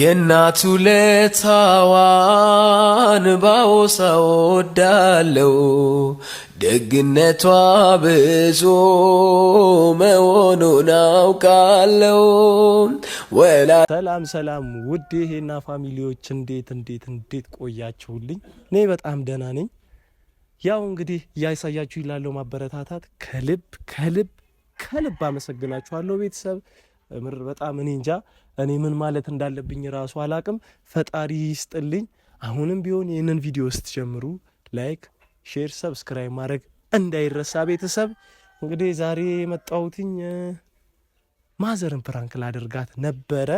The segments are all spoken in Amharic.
የእናቱ ለታዋን ባወሳ ወዳለው ደግነቷ ብዙ መሆኑን አውቃለው። ወላ ሰላም ሰላም፣ ውድ ይሄና ፋሚሊዎች እንዴት እንዴት እንዴት ቆያችሁልኝ? እኔ በጣም ደህና ነኝ። ያው እንግዲህ እያሳያችሁ ይላለው ማበረታታት ከልብ ከልብ ከልብ አመሰግናችኋለሁ ቤተሰብ ምር በጣም እኔ እንጃ እኔ ምን ማለት እንዳለብኝ ራሱ አላቅም። ፈጣሪ ይስጥልኝ። አሁንም ቢሆን ይህንን ቪዲዮ ስትጀምሩ ላይክ፣ ሼር፣ ሰብስክራይብ ማድረግ እንዳይረሳ ቤተሰብ። እንግዲህ ዛሬ የመጣሁትኝ ማዘርን ፕራንክ ላደርጋት ነበረ።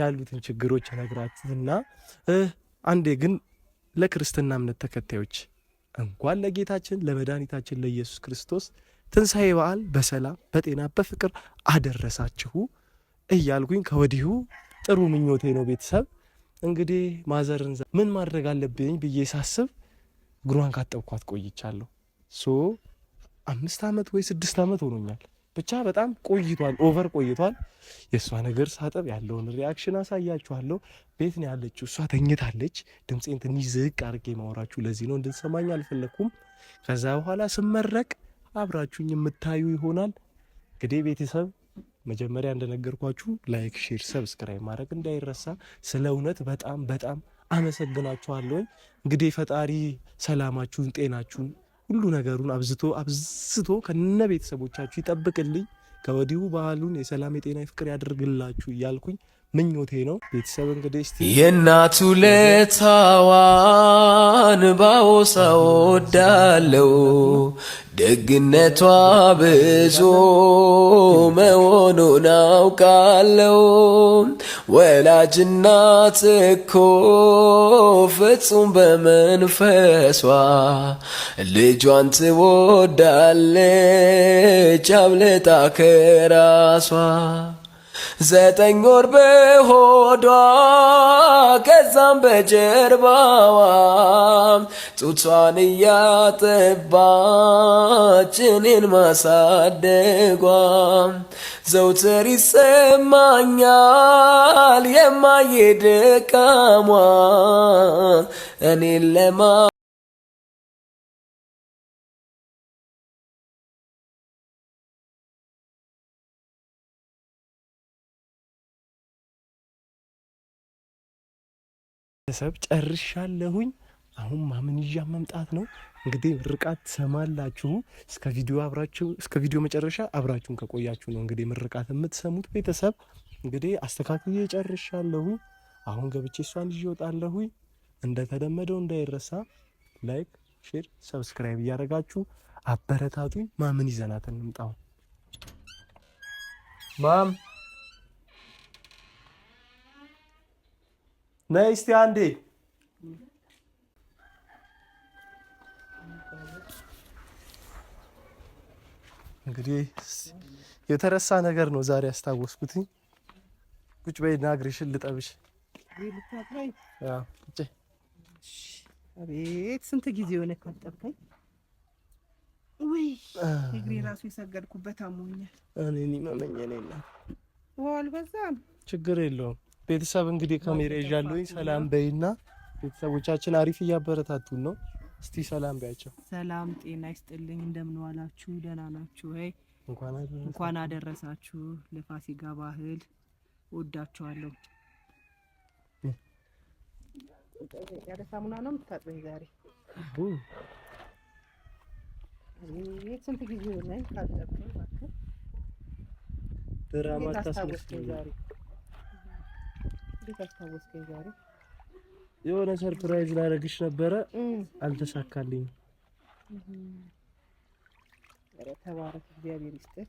ያሉትን ችግሮች ነግራትና አንዴ ግን ለክርስትና እምነት ተከታዮች እንኳን ለጌታችን ለመድኃኒታችን ለኢየሱስ ክርስቶስ ትንሣኤ በዓል በሰላም በጤና በፍቅር አደረሳችሁ። እያልኩኝ ከወዲሁ ጥሩ ምኞቴ ነው። ቤተሰብ እንግዲህ ማዘርን ምን ማድረግ አለብኝ ብዬ ሳስብ እግሯን ካጠብኳት ቆይቻለሁ። ሶ አምስት ዓመት ወይ ስድስት ዓመት ሆኖኛል። ብቻ በጣም ቆይቷል፣ ኦቨር ቆይቷል። የእሷ ነገር ሳጥብ ያለውን ሪያክሽን አሳያችኋለሁ። ቤት ነው ያለችው፣ እሷ ተኝታለች። ድምፄን ትንሽ ዝቅ አድርጌ ማወራችሁ ለዚህ ነው፣ እንድንሰማኝ አልፈለግኩም። ከዛ በኋላ ስመረቅ አብራችሁኝ የምታዩ ይሆናል እንግዲህ ቤተሰብ መጀመሪያ እንደነገርኳችሁ ላይክ፣ ሼር፣ ሰብስክራይብ ማድረግ እንዳይረሳ። ስለ እውነት በጣም በጣም አመሰግናችኋለሁ። እንግዲህ ፈጣሪ ሰላማችሁን፣ ጤናችሁን፣ ሁሉ ነገሩን አብዝቶ አብዝቶ ከነ ቤተሰቦቻችሁ ይጠብቅልኝ። ከወዲሁ ባህሉን የሰላም የጤና ፍቅር ያደርግላችሁ እያልኩኝ ምኞቴ ነው። ቤተሰብ እንግዲህ እስቲ የእናቱ ለታዋን ባወሳ ወዳለው ደግነቷ ብዙ መሆኑን አውቃለው። ወላጅናት እኮ ፍጹም በመንፈሷ ልጇን ትወዳለች አብልጣ ከራሷ ዘጠኝ ወር በሆዷ ከዛም በጀርባዋ ጡቷን እያጠባች እኔን ማሳደጓ ዘውትር ይሰማኛል የማየደካሟ እኔን ለማ ቤተሰብ ጨርሻለሁኝ። አሁን ማምን መምጣት ነው እንግዲህ ምርቃት ትሰማላችሁ። እስከ ቪዲዮ አብራችሁ እስከ ቪዲዮ መጨረሻ አብራችሁን ከቆያችሁ ነው እንግዲህ ምርቃት የምትሰሙት። ቤተሰብ እንግዲህ አስተካክዬ ጨርሻለሁኝ። አሁን ገብቼ እሷን ይዤ እወጣለሁኝ። እንደተለመደው እንዳይረሳ ላይክ፣ ሼር፣ ሰብስክራይብ እያደረጋችሁ አበረታቱኝ። ማምን ይዘናት እንምጣው ማም ነይ እስቲ አንዴ እንግዲህ የተረሳ ነገር ነው ዛሬ ያስታወስኩት። ቁጭ በይና እግርሽን ልጠብሽ። አቤት ስንት ጊዜ የሆነ ካጠብከኝ። ውይ እግሬ ራሱ የሰገድኩበት አሞኛል። እኔን ይመመኝ። እኔና ችግር የለውም ቤተሰብ እንግዲህ ካሜራ ይዣለሁኝ። ሰላም በይና ቤተሰቦቻችን አሪፍ እያበረታቱን ነው። እስቲ ሰላም በያቸው። ሰላም ጤና ይስጥልኝ። እንደምን ዋላችሁ? ደህና ናችሁ ወይ? እንኳን አደረሳችሁ ለፋሲካ ባህል። ወዳችኋለሁ። ሳሙና ነው የምታጥበኝ ዛሬ? ስንት ጊዜ ሆነኝ ካልጠብኩኝ። ድራማ ታስመስለኝ ዛሬ እንዴት አስታወስከኝ? ዛሬ የሆነ ሰርፕራይዝ ላደርግሽ ነበረ አልተሳካልኝም። ኧረ ተባረክ፣ እግዚአብሔር ይስጥህ።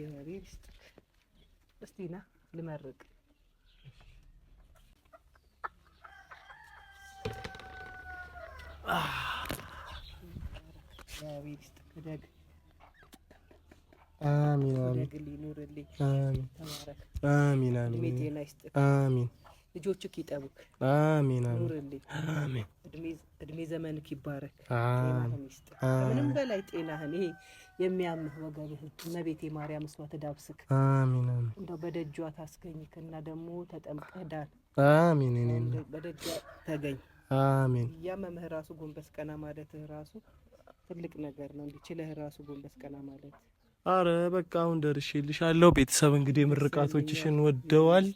እግዚአብሔር ይስጥር። እስቲ ና ልመርቅ። እግዚአብሔር ይስጥር። እደግ አሚን አሚን። ልጆችህ ይጠቡክ። ልጆችህ ይጠቡክ እድሜ ዘመንክ ይባረክ። ጤናህን በላይ ጤናህን ይሄ የሚያምህ ወገብህ እመቤቴ ማርያም እሷ ትዳብስክ፣ እንደው በደጇ ታስገኝክ እና ደግሞ ተጠምቀህ ዳን። በደጇ ተገኝ። ያ መምህ ራሱ ጎንበስ ቀና ማለትህ ራሱ ትልቅ ነገር ነው። እንዲችለህ ራሱ ጎንበስ ቀና ማለት አረ በቃ አሁን ደርሼልሻለሁ። ቤተሰብ እንግዲህ ምርቃቶችሽን ወደዋል።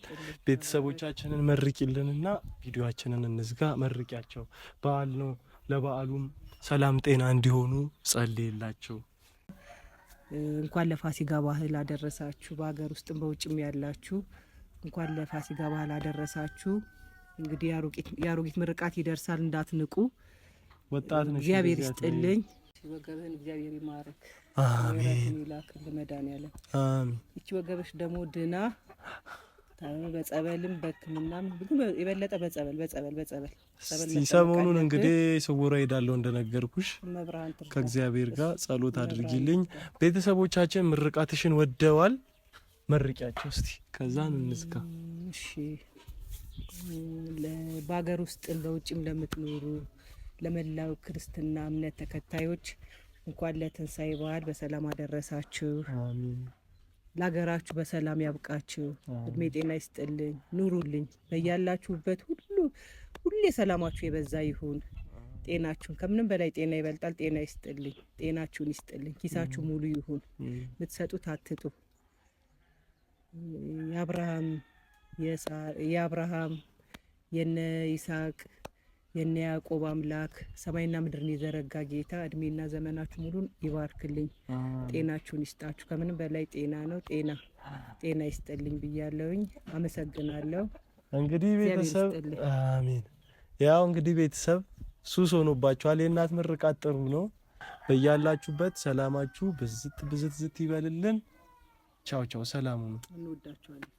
ቤተሰቦቻችንን መርቂልንና ቪዲዮአችንን እንዝጋ። መርቂያቸው በዓል ነው። ለበዓሉም ሰላም ጤና እንዲሆኑ ጸልይላቸው። እንኳን ለፋሲካ ባህል አደረሳችሁ። በሀገር ውስጥም በውጭም ያላችሁ እንኳን ለፋሲካ ባህል አደረሳችሁ። እንግዲህ የአሮጊት ምርቃት ይደርሳል፣ እንዳትንቁ። ወጣት ነሽ። እግዚአብሔር ይስጥልኝ። ወገብህን እግዚአብሔር ይማረክ፣ አሜን። ይላክ ለመዳን ያለ አሜን። እቺ ወገብሽ ደግሞ ድና በጸበልም በሕክምናም የበለጠ በጸበል በጸበል በጸበል ሰሞኑን እንግዲህ ስውራ ሄዳለሁ እንደነገርኩሽ ከእግዚአብሔር ጋር ጸሎት አድርጊልኝ። ቤተሰቦቻችን ምርቃትሽን ወደዋል። መርቂያቸው እስቲ ከዛን እንዝጋ። በሀገር ውስጥ በውጭም ለምትኖሩ ለመላው ክርስትና እምነት ተከታዮች እንኳን ለትንሣኤ በዓል በሰላም አደረሳችሁ። ለሀገራችሁ በሰላም ያብቃችሁ፣ እድሜ ጤና ይስጥልኝ፣ ኑሩልኝ። በያላችሁበት ሁሉ ሁሌ ሰላማችሁ የበዛ ይሁን። ጤናችሁን ከምንም በላይ ጤና ይበልጣል። ጤና ይስጥልኝ፣ ጤናችሁን ይስጥልኝ። ኪሳችሁ ሙሉ ይሁን። የምትሰጡት አትጡ። የአብርሃም የአብርሃም የነ ይስሐቅ የነ ያዕቆብ አምላክ ሰማይና ምድርን የዘረጋ ጌታ እድሜና ዘመናችሁ ሙሉን ይባርክልኝ፣ ጤናችሁን ይስጣችሁ። ከምንም በላይ ጤና ነው። ጤና ጤና ይስጥልኝ ብያለውኝ። አመሰግናለሁ። እንግዲህ ቤተሰብ አሜን። ያው እንግዲህ ቤተሰብ ሱስ ሆኖባችኋል። የእናት ምርቃት ጥሩ ነው። በያላችሁበት ሰላማችሁ ብዝት ብዝት ዝት ይበልልን። ቻው ቻው። ሰላሙ ነው። እንወዳችኋለን።